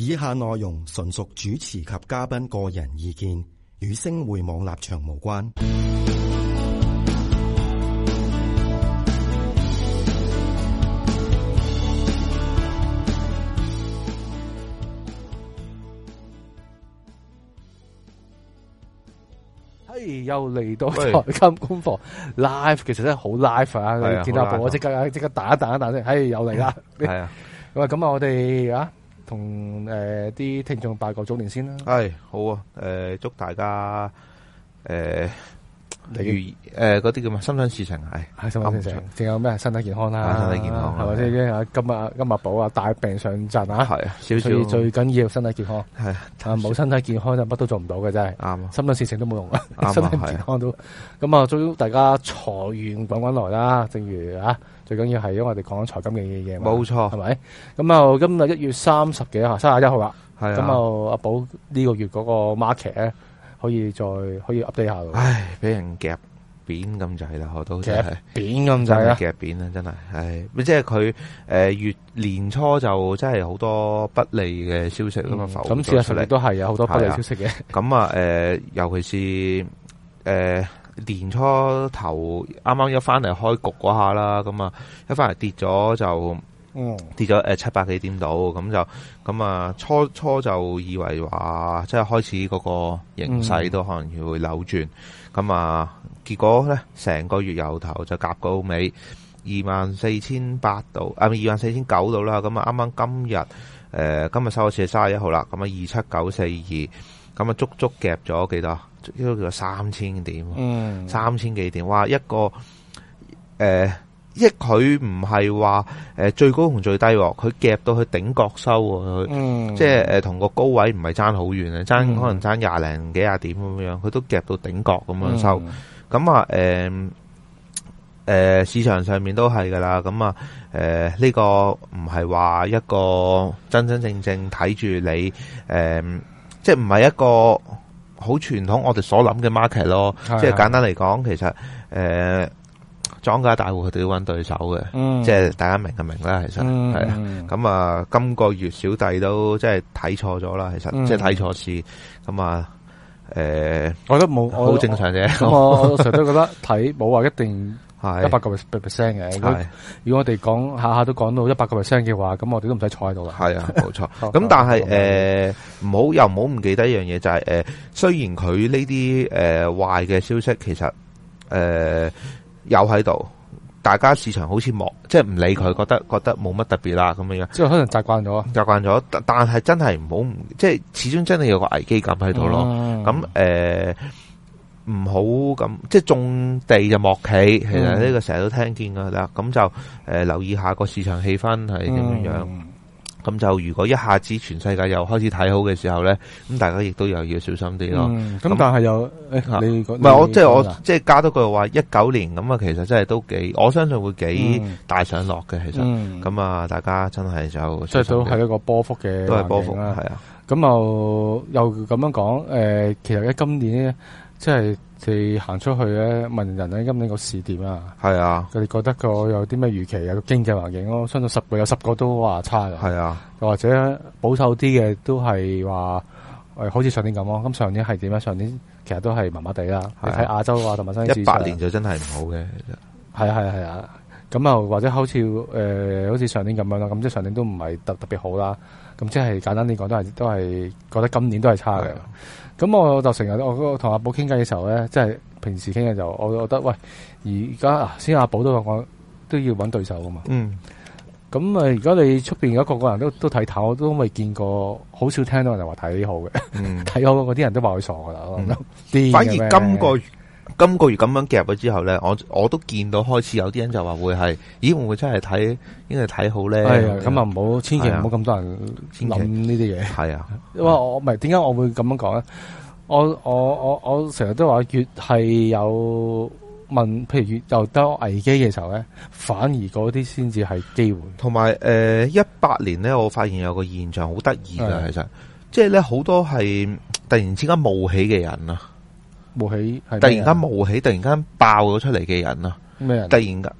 以下內容純屬主持及嘉賓個人意見，與星匯網立場無關。嘿、hey,，又嚟到財金工房 live，其實真係好 live 啊！見、hey. 到我即刻啊，即刻打一,一打，一打先。嘿，又嚟啦！係啊，喂，咁啊，我哋啊。同誒啲聽眾拜個早年先啦。係，好啊。誒，祝大家誒。例如誒，嗰啲叫咩？心想事成，係、哎、係心想事成，仲有咩？身體健康啦，身體健康係咪先？今日今日阿寶啊，帶病上陣啊，係，最最緊要係身體健康，係啊，冇身體健康就乜都做唔到嘅。真係，啱心想事成都冇用啊，身體健康，身體健康都，咁啊，祝大家財源滾滾來啦。正如啊，最緊要係因為我哋講財金嘅嘢嘛，冇錯，係咪？咁啊，今日一月三十幾啊，三十一號啊，係，咁啊，阿寶呢個月嗰個 market 咧。可以再可以 update 下喎。唉，俾人夾扁咁就係啦，我都夾扁咁就啦，夾扁啦，真係。唉，即係佢誒，月、呃、年初就真係好多不利嘅消息啦嘛。咁事實上都係有好多不利消息嘅。咁啊，誒、呃，尤其是誒、呃、年初頭啱啱一翻嚟開局嗰下啦，咁啊一翻嚟跌咗就。嗯、跌咗誒、呃、七百幾點度咁，就咁。啊初初就以為話即係開始嗰個形勢都可能會扭轉咁、嗯、啊結果咧成個月由頭就夾到尾二萬四千八度啊二萬四千九度啦咁，啊啱啱今日誒、呃、今日收市係三十一號啦咁，啊二七九四二咁，啊足足夾咗幾多？呢個叫做三千點，嗯、三千幾點哇一個誒。呃即佢唔係話誒最高同最低，佢夾到去頂角收喎。佢、嗯、即係誒同個高位唔係爭好遠啊，爭、嗯、可能爭廿零幾廿點咁樣，佢都夾到頂角咁樣收。咁、嗯嗯、啊誒誒、呃呃、市場上面都係噶啦。咁啊誒呢、呃這個唔係話一個真真正正睇住你誒、呃，即係唔係一個好傳統我哋所諗嘅 market 咯。即係簡單嚟講，嗯嗯其實誒。呃莊家大戶佢哋要揾對手嘅，即、嗯、係大家明白就明啦。其實係啊，咁、嗯、啊，今個月小弟都即係睇錯咗啦。其實、嗯、即係睇錯市，咁啊，誒、呃，我覺得冇，好正常啫。我成日 都覺得睇冇話一定一百個 percent 嘅。如果我哋講下下都講到一百個 percent 嘅話，咁我哋都唔使坐喺度啦。係啊，冇錯。咁、 嗯、但係誒，唔好又唔好唔記得一樣嘢，就係、是、誒、呃，雖然佢呢啲誒壞嘅消息，其實誒。呃又喺度，大家市場好似莫即係唔理佢，覺得覺得冇乜特別啦，咁樣即係可能習慣咗。習慣咗，但係真係唔好，即係始終真係有個危機感喺度咯。咁、嗯、誒，唔、呃、好咁即係種地就莫企，其實呢個成日都聽見㗎啦。咁、嗯、就、呃、留意下個市場氣氛係點樣。嗯咁就如果一下子全世界又開始睇好嘅時候咧，咁大家亦都又要小心啲咯。咁、嗯、但係又、欸，你唔係、啊、我，我即係我即係加多句話，一九年咁啊，其實真係都幾，我相信會幾大上落嘅，其實咁啊，大家真係就即係、嗯嗯、都係一個波幅嘅，都係波幅啦，係啊。咁、啊、又又咁樣講，其實喺今年咧，即係。哋行出去咧問人咧，今年個市點啊？係啊，佢哋覺得個有啲咩預期啊？個經濟環境咯，相信十個有十個都話差㗎，啊，又或者保守啲嘅都係話、哎、好似上年咁咯。咁上年係點啊？上年其實都係麻麻地啦。你睇亞洲啊，同埋新一八年就真係唔好嘅。係啊係啊係啊，咁啊，啊，啊或者好似、呃、好似上年咁樣啦。咁即係上年都唔係特特別好啦。咁即係簡單啲講，都係都係覺得今年都係差嘅。咁我就成日我我同阿寶傾偈嘅時候咧，即係平時傾嘅就，我我覺得喂，而家啊先阿寶都講都要揾對手噶嘛。嗯。咁啊，而家你出邊而家個個人都都睇頭，我都未見過，好少聽到人話睇好嘅，睇、嗯、好嗰啲人都話佢傻噶啦、嗯。反而今個月。今個月咁樣夾咗之後咧，我我都見到開始有啲人就話會係，咦，會唔會真係睇，應該睇好咧？係咁啊，唔好千祈唔好咁多人諗呢啲嘢。係啊，因為我唔係點解我會咁樣講咧？我我我我成日都話，說越係有問，譬如越多危機嘅時候咧，反而嗰啲先至係機會。同埋誒，一、呃、八年咧，我發現有個現象好得意噶，其實，即係咧好多係突然之間冒起嘅人啦。冒起，突然間冒起，突然間爆咗出嚟嘅人啦。咩人？突然間，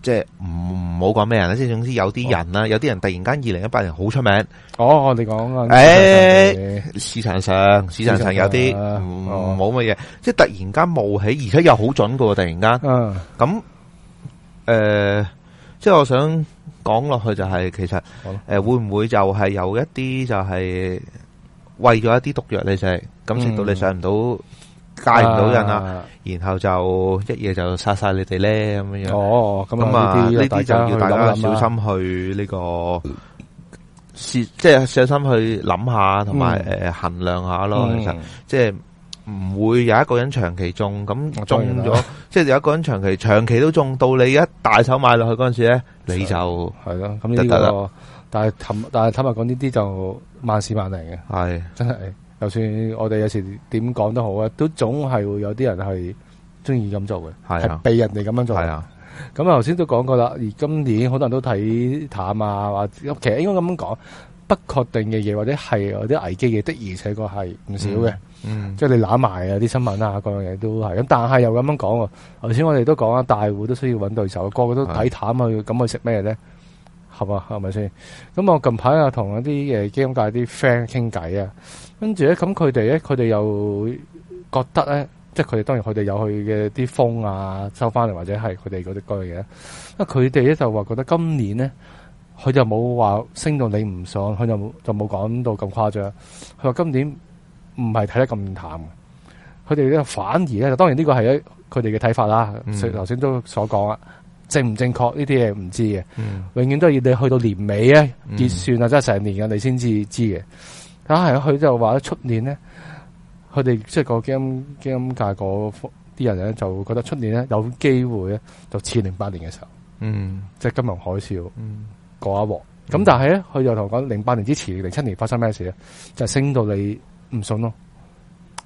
即係唔好講咩人啦。即係總之有啲人啦，有啲人突然間二零一八年好出名。哦，你講啊。誒，市場上市場上有啲冇乜嘢，即係突然間冒起，而且又好準噶喎！突然間，嗯，咁誒，即係我想講落去就係，其實誒會唔會就係有一啲就係為咗一啲毒藥你食，咁食到你上唔到。戒唔到人啦，然後就一夜就殺晒你哋咧咁樣。哦，咁、哦、啊，呢、嗯、啲就，就要大家小心去呢、這個，即係小心去諗下，同埋誒衡量下咯。其實即係唔會有一個人長期中，咁中咗，即係、嗯就是、有一個人長期長期都中到你一大手買落去嗰陣時咧，你就係咯，咁就得啦。但係坦但係坦白講，呢啲就萬試萬靈嘅，係真係。就算我哋有時點講都好啊，都總係會有啲人係中意咁做嘅，係被人哋咁樣做。係啊，咁頭先都講過啦。而今年好多人都睇淡啊，其實應該咁樣講，不確定嘅嘢或者係有啲危機嘅，的而且確係唔少嘅、嗯嗯。即係你揦埋啊啲新聞啊，各樣嘢都係。咁但係又咁樣講喎，頭先我哋都講啊，大戶都需要揾對手，個個都睇淡去，咁去食咩咧？係咪先？咁我近排啊，同一啲嘅基金界啲 friend 傾偈啊，跟住咧，咁佢哋咧，佢哋又覺得咧，即係佢哋當然，佢哋有佢嘅啲風啊，收翻嚟或者係佢哋嗰啲嗰嘅。啊，佢哋咧就話覺得今年咧，佢就冇話升到你唔上，佢就就冇講到咁誇張。佢話今年唔係睇得咁淡，佢哋咧反而咧，當然呢個係佢哋嘅睇法啦。食頭先都所講啦。正唔正確呢啲嘢唔知嘅、嗯，永遠都係要你去到年尾啊，結算啊，即係成年呀，你先至知嘅。但係佢就話咧出年咧，佢哋即係個金金價嗰啲啲人咧，就覺得出年咧有機會咧，就似零八年嘅時候，嗯，即、就、係、是、金融海嘯，嗯、過一鑊。咁、嗯、但係咧，佢就同我講，零八年之前、零七年發生咩事咧？就升到你唔信咯，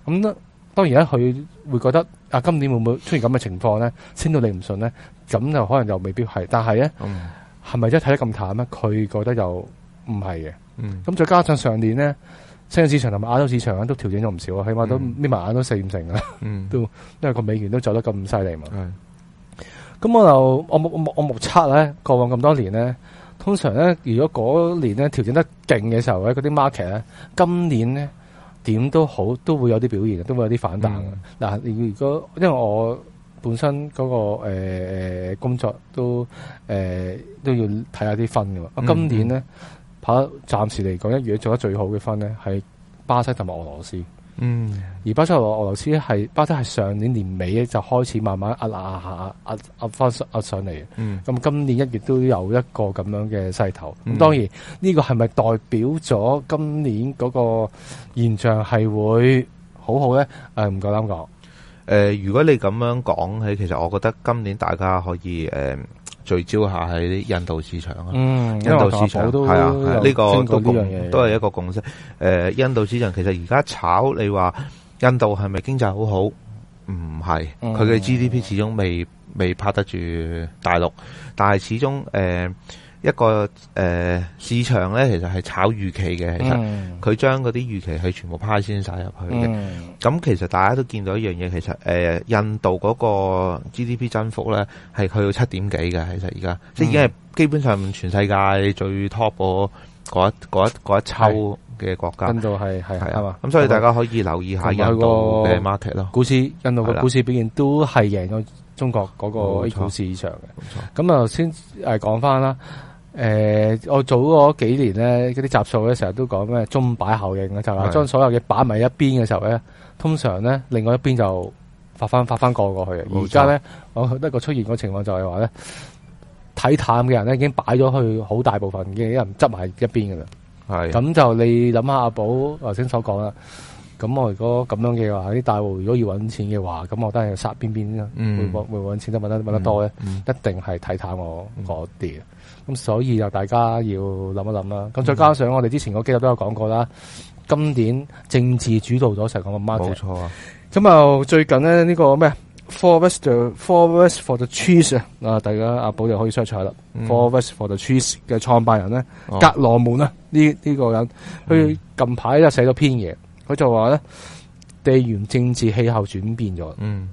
咁當然咧，佢會覺得啊，今年會唔會出現咁嘅情況咧？先到你唔信咧？咁就可能又未必係。但係咧，係咪真係睇得咁淡咧？佢覺得又唔係嘅。咁、嗯、再加上上年咧，香港市場同埋亞洲市場都調整咗唔少啊，起碼都眯埋眼都四五成啦。都、嗯、因為個美元都走得咁犀利嘛。咁、嗯、我就我目我，我，我目測咧，過往咁多年咧，通常咧，如果嗰年咧調整得勁嘅時候咧，嗰啲 market 咧，今年咧。點都好，都會有啲表現嘅，都會有啲反彈嘅。嗱、嗯，如果因為我本身、嗰個誒誒、呃、工作都誒、呃、都要睇下啲分嘅嘛、嗯。今年咧跑暫時嚟講一樣做得最好嘅分咧係巴西同埋俄羅斯。嗯，而巴塞羅俄羅斯係巴塞係上年年尾咧就開始慢慢壓壓下壓壓翻上嚟、嗯，咁今年一月都有一個咁樣嘅勢頭。咁、嗯、當然呢個係咪代表咗今年嗰個現象係會好好咧？誒，唔夠膽講。誒，如果你咁樣講起，其實我覺得今年大家可以誒。呃聚焦下喺印度市場啊，印度市場、嗯、都係啊，呢個都共都係一個共識。誒、呃，印度市場其實而家炒，你話印度係咪經濟好好？唔係，佢嘅 GDP 始終未未拍得住大陸，但係始終誒。呃一個誒、呃、市場咧，其實係炒預期嘅，其實佢將嗰啲預期係全部派先晒入去嘅。咁、嗯、其實大家都見到一樣嘢，其實誒、呃、印度嗰個 GDP 增幅咧係去到七點幾嘅，其實而家、嗯、即係已經係基本上全世界最 top 嗰一嗰一一抽嘅國家。印度係係係啊，咁所以大家可以留意下印度嘅 market 咯。股市印度嘅股市表現都係贏咗中國嗰個股市市場嘅。咁啊先誒講翻啦。誒、呃，我早嗰幾年咧，嗰啲集數咧，成日都講咩鐘擺效應啊，就話、是、將所有嘢擺埋一邊嘅時候咧，通常咧，另外一邊就發翻發翻過過去。而家咧，我覺得個出現個情況就係話咧，睇淡嘅人咧已經擺咗去好大部分嘅人執埋一邊噶啦。係，咁就你諗下阿寶頭先所講啦。咁我如果咁樣嘅話，啲大戶如果要揾錢嘅話，咁我都係殺邊邊啊，會會搵錢得搵得得多咧，嗯，一定係睇淡我嗰啲咁，所以就大家要諗一諗啦。咁，嗯，再加上我哋之前個幾集都有講過啦，今年政治主導咗成個 market 冇錯啊。咁啊，最近呢，呢個咩？Forest For the Trees 啊，啊大家阿寶就可以出彩啦。嗯，Forest for the Trees 嘅創辦人咧，哦，格羅門啊，呢、這、呢個人佢，嗯，近排又寫咗篇嘢。佢就話咧，地緣政治氣候轉變咗。嗯，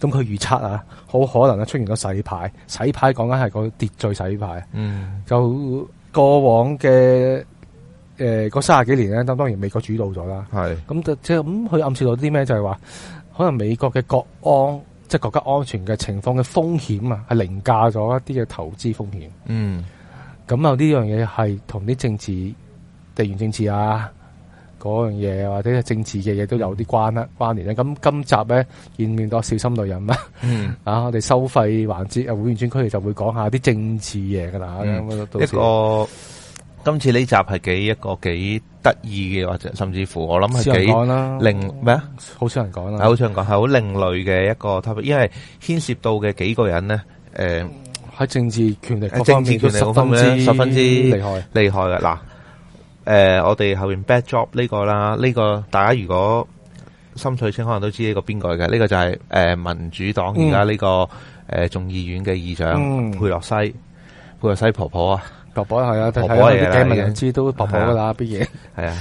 咁佢預測啊，好可能啊出現咗洗牌，洗牌講緊係個秩序洗牌。嗯，就過往嘅、誒，嗰卅幾年咧，咁當然美國主導咗啦。係咁即係咁，佢暗示到啲咩？就係話可能美國嘅國安，即係國家安全嘅情況嘅風險啊，係凌駕咗一啲嘅投資風險。嗯，咁啊呢樣嘢係同啲政治地緣政治啊。嗰樣嘢，或者政治嘅嘢都有啲關啦，關聯啦，咁今集咧見面多小心女人。咩、嗯？啊，我哋收費環節啊，會員專區就會講下啲政治嘢噶啦。一個今次呢集係幾一個幾得意嘅，或者甚至乎我諗係幾另咩啊？好少人講啊，好少人講係好另類嘅一個 topic，因為牽涉到嘅幾個人咧，誒、呃、喺政治權力各方面，政治權力方面十分之十分之厲害，厲害嘅嗱。誒、呃，我哋後邊 backdrop 呢個啦，呢、這個大家如果心水清可能都知呢個邊個嘅。呢、這個就係、是、誒、呃、民主黨而家呢個誒、嗯呃、眾議院嘅議長、嗯、佩洛西，佩洛西婆婆啊，婆婆係啊，婆婆嘅井文人知都婆婆噶啦，啲嘢係啊，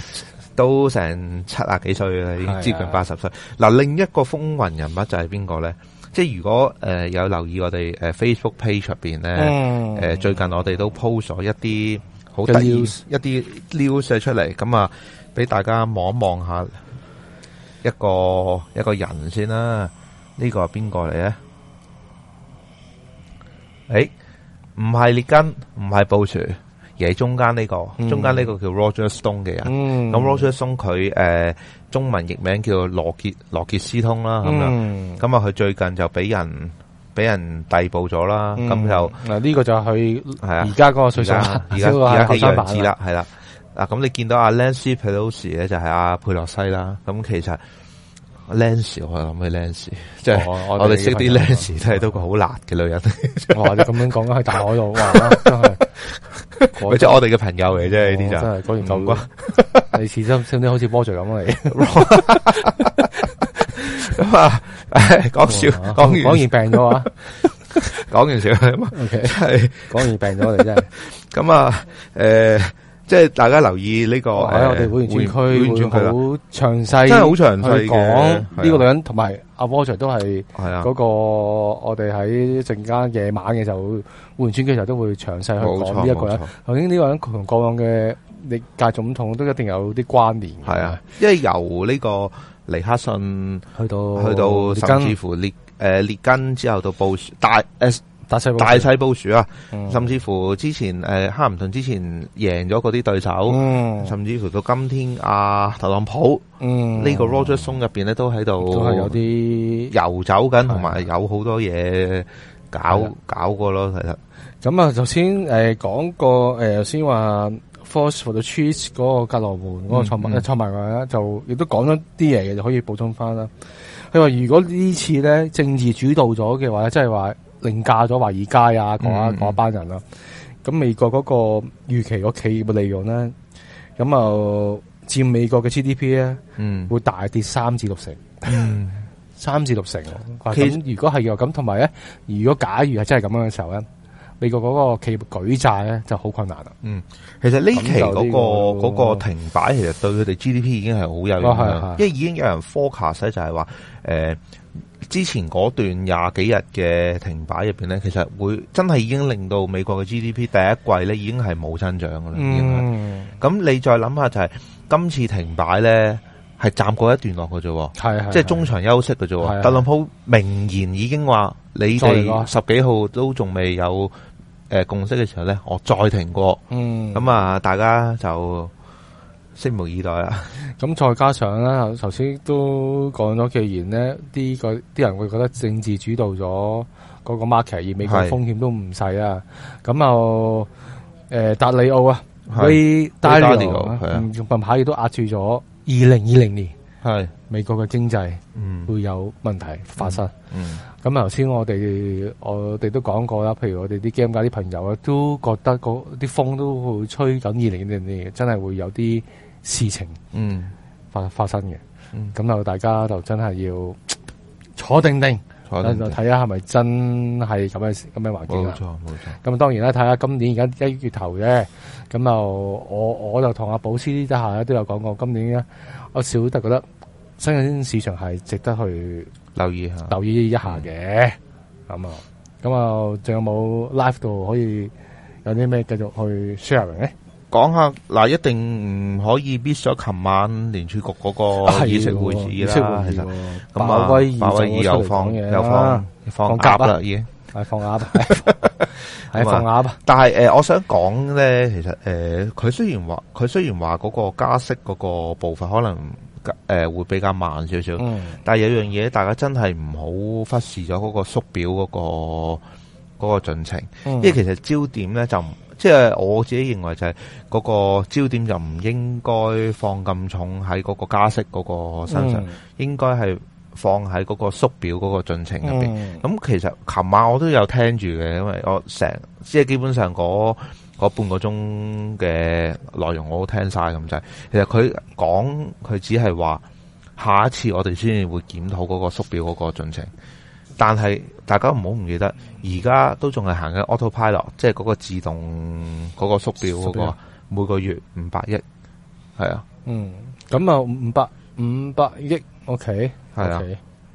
都成七幾幾歲、啊，接近八十歲。嗱、呃，另一個風雲人物就係邊個咧？即係如果誒、呃、有留意我哋誒 Facebook page 入邊咧，誒、嗯呃、最近我哋都 post 咗一啲。好得意一啲撩射出嚟，咁啊，俾大家望一望下一個一個人先啦。呢個係邊個嚟咧？誒、欸，唔係列根，唔係布殊，而係中間呢、這個，嗯、中間呢個叫 Roger Stone 嘅人。咁、嗯、Roger Stone 佢誒、呃，中文譯名叫羅傑羅傑斯通啦，咁樣？咁、嗯、啊，佢最近就俾人。俾人逮捕咗啦，咁、嗯、就嗱呢、這個就係係啊，而家嗰個水手，而家而家係後生版啦，係啦嗱，咁你見到阿 Nancy Pelosi 咧就係阿佩洛西啦，咁、啊、其實 Nancy 我諗起 Nancy，即係我哋識啲 Nancy 都係都個好辣嘅女人。我、哦、話 你咁樣講緊喺大海度，真係，即 係、就是、我哋嘅朋友嚟啫呢啲就，真係講完就關。你始終似唔似好似魔像咁嚟？ 咁、嗯、啊，講笑，講、啊啊、完,完,完病咗啊，講完笑係講完病咗嚟 真係。咁啊，誒、呃，即係大家留意呢、這個，我哋會員專區好詳細，好詳細講呢個女人同埋阿波士都係係啊，嗰個我哋喺陣間夜晚嘅時候會員專區嘅時候都會詳細去講呢一個人。頭先呢個人同各樣嘅歷屆總統都一定有啲關聯，係啊，因為由呢、這個。尼克遜去到去到甚至乎列誒列根之後到布大誒、欸、大細布殊大細布殊啊，甚至乎之前誒、呃、哈林頓之前贏咗嗰啲對手、嗯，甚至乎到今天阿、啊、特朗普，呢、嗯這個 Roger Stone 入邊咧都喺度都係有啲遊走緊，同埋有好多嘢搞搞過咯，其實。咁啊，首先誒講過誒先話。f o r t h e 到 cheese 嗰個格羅門嗰個創辦創辦人咧，就亦都講咗啲嘢嘅，就可以補充翻啦。佢話：如果次呢次咧政治主導咗嘅話咧，即係話凌駕咗華爾街啊，嗰、嗯、一班人啦，咁、嗯嗯、美國嗰個預期個企業利潤咧，咁就佔美國嘅 GDP 咧、嗯，會大跌三至六成，嗯、 三至六成。佢如果係咁，同埋咧，如果假如係真係咁樣嘅時候咧。美國嗰個企業舉債咧就好困難啦。嗯，其實呢期嗰、嗰個嗰、嗰個停擺，其實對佢哋 GDP 已經係好有影響，哦、是是是因為已經有人 focus 咧就係話，誒、呃，之前嗰段廿幾日嘅停擺入邊咧，其實會真係已經令到美國嘅 GDP 第一季咧已經係冇增長噶啦。係、嗯、咁你再諗下就係、是、今次停擺咧。係暫過一段落嘅啫，是的即係中場休息嘅啫。特朗普明言已經話，你哋十幾號都仲未有誒共識嘅時候咧，我再停過。嗯，咁啊，大家就拭目以待啦。咁再加上咧，頭先都講咗，既然呢啲啲人會覺得政治主導咗嗰個 market，而美國風險、呃、都唔細啊。咁啊，誒達里奧啊，佢達里奧用棍牌亦都壓住咗。二零二零年，係美國嘅經濟會有問題發生。咁頭先我哋我哋都講過啦，譬如我哋啲 game 界啲朋友啊，都覺得嗰啲風都會吹緊二零二零年，真係會有啲事情發、嗯、發生嘅。咁、嗯、就大家就真係要坐定定。睇下係咪真係咁嘅咁嘅環境？冇錯冇錯。咁啊，當然啦，睇下今年現在而家一月頭啫。咁就我我就同阿保師呢一下都有講過，今年咧我小得覺得新興市場係值得去留意下，留意一下嘅。咁、嗯、啊，咁啊，仲有冇 live 度可以有啲咩繼續去 sharing 咧？講下嗱，一定唔可以 miss 咗。琴晚聯儲局嗰個議息會議啦，議息會議啦。其實咁啊，鮑威爾又放又放 放鴿啦，已經係放鴿，係放鴿。但係誒、呃，我想講咧，其實誒，佢、呃、雖然話佢雖然話嗰個加息嗰個步伐可能誒會比較慢少少、嗯，但係有樣嘢大家真係唔好忽視咗嗰個縮表嗰、個嗰、個進程、嗯，因為其實焦點咧就。即係我自己認為就係嗰個焦點就唔應該放咁重喺嗰個加息嗰個身上，嗯、應該係放喺嗰個縮表嗰個進程入邊。咁、嗯、其實琴晚我都有聽住嘅，因為我成即係基本上嗰半個鐘嘅內容我都聽晒咁就係，其實佢講佢只係話下一次我哋先至會檢討嗰個縮表嗰個進程。但係大家唔好唔記得，而家都仲係行緊 auto pilot，即係嗰個自動嗰、那個縮表嗰、那個，每個月五百億，係啊，嗯，咁啊五百五百億，OK，係啊，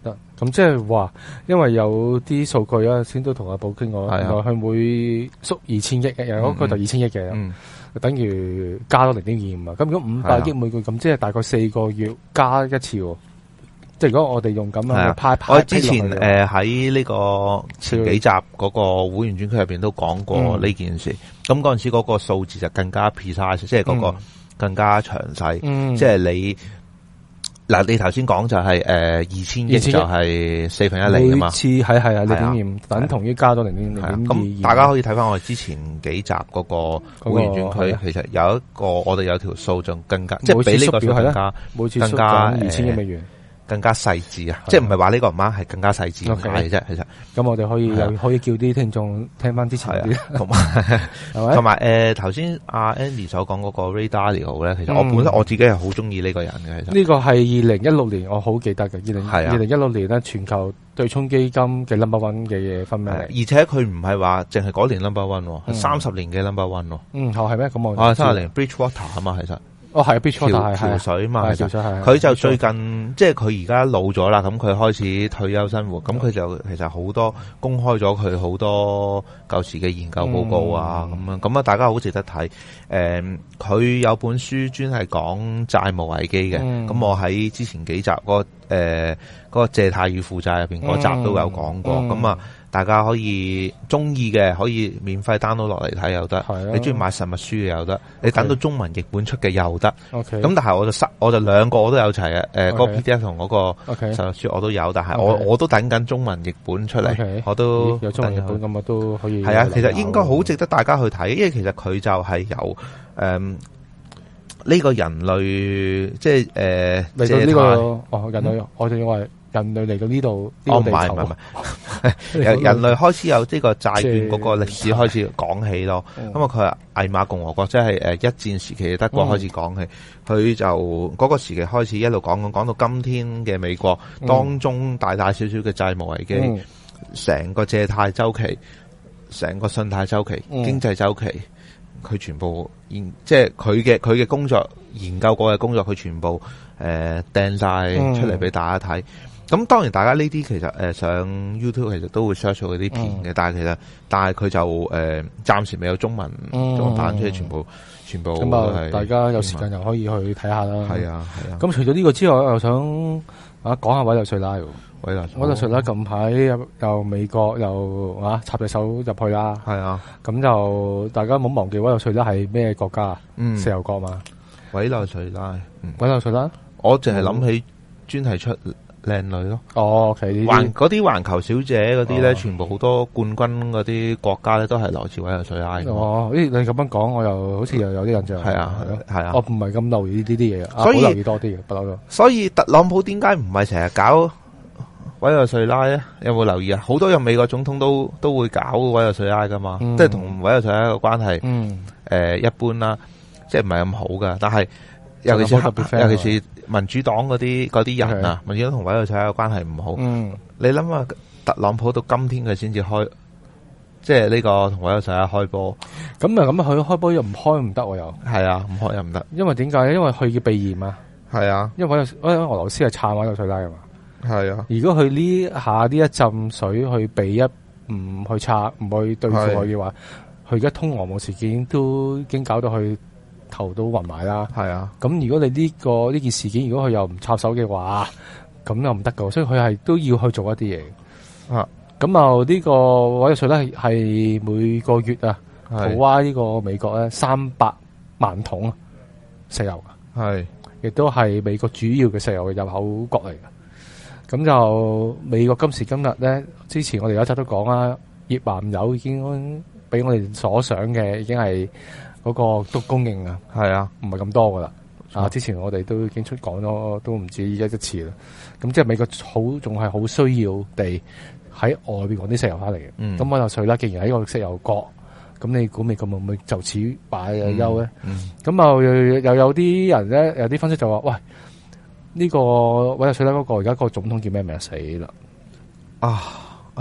得、okay, okay，咁即係話，因為有啲數據啊，先都同阿寶傾過，佢每、啊、縮二千億，又嗰個就二千億嘅、嗯嗯，等於加多零點二五啊，咁如果五百億每個月咁，即係、啊、大概四個月加一次喎。即如果我哋用咁派、啊，我之前誒喺呢個前幾集嗰個會員專區入邊都講過呢件事。咁嗰陣時嗰個數字就更加 precise，即係嗰個更加詳細，嗯。即係你嗱、呃，你頭先講就係誒二千億就係四分一厘啊嘛。每次係，係啊，你點五，等同於加多零點零，咁大家可以睇翻我哋之前幾集嗰個會員專區，那個，其實有一個、啊、我哋有條數仲更加，即係比呢個表更加，每次加二千億美元。更加細緻啊！即係唔係話呢個唔啱，係更加細緻嘅啫，okay，其實。咁我哋可以又可以叫啲聽眾聽翻啲長啲，同埋同埋誒頭先阿 Andy 所講嗰個 Ray Dalio 咧、嗯，其實我本身我自己係好中意呢個人嘅。其實呢個係二零一六年我好記得嘅，二零二零一六年咧全球對沖基金嘅 number one 嘅嘢分咩？而且佢唔係話淨係嗰年 number one，係三十年嘅 number one 咯。嗯，好係，咩？咁我啊，三十年 Bridgewater 啊嘛，其實。哦，係啊，B. C. 橋水嘛，橋水係。佢就最近，即係佢而家老咗啦，咁佢開始退休生活，咁佢就其實好多公開咗佢好多舊時嘅研究報告啊，咁、嗯、啊，咁啊，大家好值得睇。誒、嗯，佢有本書專係講債務危機嘅，咁、嗯、我喺之前幾集嗰誒嗰個借貸與負債入邊嗰集都有講過，咁、嗯、啊。嗯大家可以中意嘅，可以免費 download 落嚟睇又得，你中意買實物書嘅又得，你等到中文譯本出嘅又得。咁、okay，但係我就我就兩個我都有齊嘅。嗰、呃 okay，個 PDF 同嗰個實物書我都有，但係我 okay，我，我都等緊中文譯本出嚟，okay，我都有中文譯本，咁我都，都可以。係啊，其實應該好值得大家去睇，因為其實佢就係由誒呢個人類，即係誒嚟呢個人類我人類嚟到呢度，哦唔係唔係唔係，人 人類開始有呢個債券嗰個歷史開始講起咯。咁啊，佢話威瑪共和國，即係誒一戰時期嘅德國開始講起，佢、嗯、就嗰個時期開始一路講講講到今天嘅美國當中大大小小嘅債務危機，成、嗯、個借貸周期，成個信貸周期，嗯、經濟周期，佢全部研即係佢嘅佢嘅工作研究過嘅工作，佢全部誒掟晒出嚟俾大家睇。嗯咁當然大家呢啲其實誒、呃、上 YouTube 其實都會 search 嗰啲片嘅、嗯，但係其實但係佢就誒暫、呃、時未有中文就、嗯、版出全部，全部全部咁啊！大家有時間又可以去睇下啦。係啊，係啊。咁除咗呢個之外，又想啊講下委內瑞拉，委內瑞拉近排又美國又啊插隻手入去啦。係啊，咁就大家冇忘記委內瑞拉係咩國家石油、嗯、國嘛。委內瑞拉，嗯、委內瑞拉，我淨係諗起專題出。靚女咯、啊，哦，環嗰啲環球小姐嗰啲咧，全部好多冠軍嗰啲國家咧，都係來自委內瑞拉哦。咦、欸，你咁樣講，我又好似又有啲印象。係啊，係啊，我唔係咁留意呢啲嘢嘅，好留意多啲嘢，不嬲都。所以，所以特朗普點解唔係成日搞委內瑞拉咧？有冇留意啊？好多任美國總統都都會搞委內瑞拉噶嘛，嗯、即係同委內瑞拉個關係，誒、嗯、呃，一般啦，即係唔係咁好噶。但係尤其尤其是。民主黨嗰啲啲人啊，的民主黨同委內瑞拉嘅關係唔好。嗯、你諗下，特朗普到今天佢先至開，即係呢個同委內瑞拉開波。咁啊咁啊，佢開波又唔開唔得喎又。係啊，唔開又唔得。因為點解？因為佢要避嫌啊。係啊，因為委內委內瑞拉俄羅斯係撐委內瑞拉嘅嘛。係啊。如果佢呢下呢一浸水去避一唔去拆唔去對付佢嘅話，佢而家通俄冇事件都已經搞到佢。頭都暈埋啦，係啊，咁如果你呢個呢件事件，如果佢又唔插手嘅話，咁又唔得噶，所以佢係都要去做一啲嘢。啊，咁啊呢個委內瑞拉係每個月啊，土哇呢個美國咧三百萬桶石油噶，係亦都係美國主要嘅石油嘅入口國嚟嘅。咁就美國今時今日咧，之前我哋有一集都講啦，頁岩油已經比我哋所想嘅已經係。嗰、那個都供應是啊，係啊，唔係咁多噶啦。啊，之前我哋都已經出講咗，都唔止一一次啦。咁即係美國好，仲係好需要地喺外邊揾啲石油翻嚟嘅。咁委內瑞拉既然係一個石油國，咁你估美國會唔會就此罷休咧？咁、嗯、啊，嗯、那又有啲人咧，有啲分析就話，喂，呢、這個委內瑞拉嗰、那個而家個總統叫咩名死啦？啊！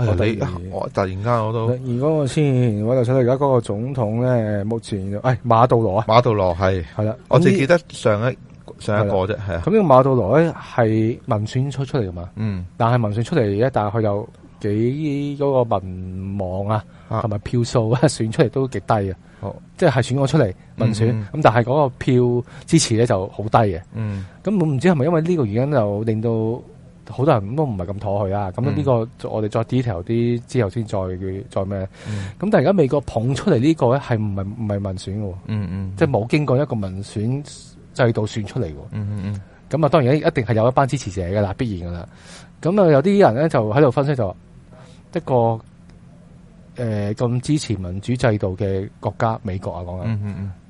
我，我突然間我突然間我都，而嗰個先，我就想到而家嗰個總統咧，目前，誒馬杜羅啊，馬杜羅係係啦，我只記得上一上一個啫，係啊，咁呢個馬杜羅咧係民選出出嚟噶嘛？嗯，但係民選出嚟嘅，但係佢有幾、嗰個民望啊，同、啊、埋票數啊，選出嚟都極低嘅，即、哦、係、就是、選咗出嚟民選，咁、嗯嗯、但係嗰個票支持咧就好低嘅，咁我唔知係咪因為呢個原因就令到。好多人都唔係咁妥佢啊！咁、嗯、呢、這個我哋再 detail 啲之後先再再咩？咁、嗯、但係而家美國捧出嚟呢個咧係唔係唔係民選嘅？嗯嗯，即係冇經過一個民選制度算出嚟嘅。嗯咁啊、嗯，當然一定係有一班支持者嘅啦，必然嘅啦。咁啊，有啲人咧就喺度分析就話，一個誒咁、呃、支持民主制度嘅國家美國啊講緊。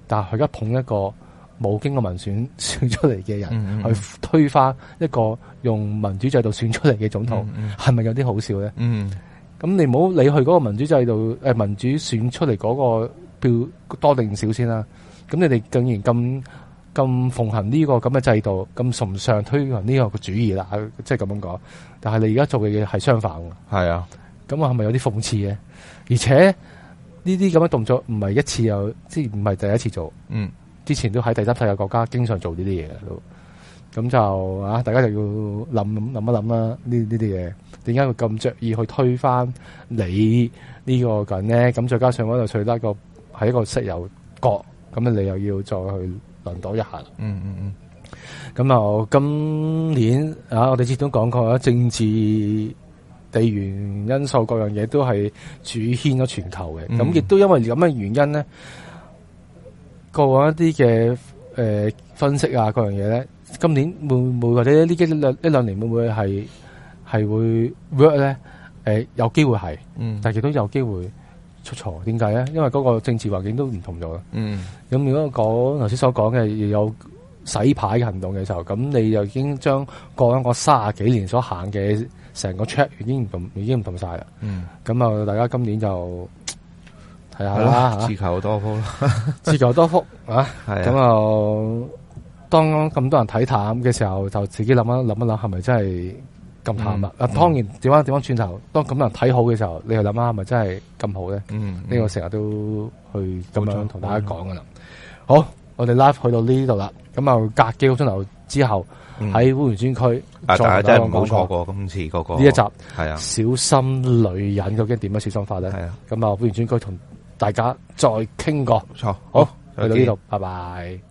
但係佢而家捧一個。冇經過民選選出嚟嘅人去推翻一個用民主制度選出嚟嘅總統，係咪 mm-hmm. 有啲好笑咧？咁 mm-hmm. 你唔好理佢嗰個民主制度誒民主選出嚟嗰個票多定少先啦。咁你哋竟然咁咁奉行呢個咁嘅制度，咁崇尚推行呢個嘅主義啦，即係咁樣講。但係你而家做嘅嘢係相反嘅，係啊。咁我係咪有啲諷刺咧？而且呢啲咁嘅動作唔係一次又即係唔係第一次做，嗯、mm-hmm。之前都喺第三世界國家經常做呢啲嘢嘅，都咁就啊，大家就要諗諗一諗啦，呢呢啲嘢點解會咁著意去推翻你呢個緊呢？咁再加上度特得一個喺一個石油國，咁你又要再去輪到一下啦。嗯嗯嗯。咁、嗯、啊，就今年啊，我哋始終講過政治、地緣因素、各樣嘢都係主牽咗全球嘅。咁、嗯、亦都因為咁嘅原因呢。過往一啲嘅誒分析啊，各樣嘢咧，今年會唔會或者呢幾兩一兩年會唔會係係會 work 咧？誒，有機會係，但係亦都有機會出錯。點解咧？因為嗰個政治環境都唔同咗。嗯。咁如果講頭先所講嘅有洗牌嘅行動嘅時候，咁你就已經將過往個卅幾年所行嘅成個 track 已經唔同，已經唔同曬啦。嗯。咁啊，大家今年就～係啦、啊啊啊，自求多福啦， 自求多福啊！咁又、啊、當咁多人睇淡嘅時候，就自己諗一諗一諗，係咪真係咁淡啊、嗯？啊，當然調翻調翻轉頭，當咁多人睇好嘅時候，你又諗下係咪真係咁好咧？嗯，呢、嗯呢個成日都去咁樣同大家講噶啦。好，我哋 live 去到呢度啦，咁我隔幾個鐘頭之後喺烏源專區啊，大家真係冇錯過今次嗰、嗰個呢一集，係啊，小心女人究竟點樣小心法咧？係啊，咁啊烏源專區同。大家再傾過，好，去到呢度，拜拜。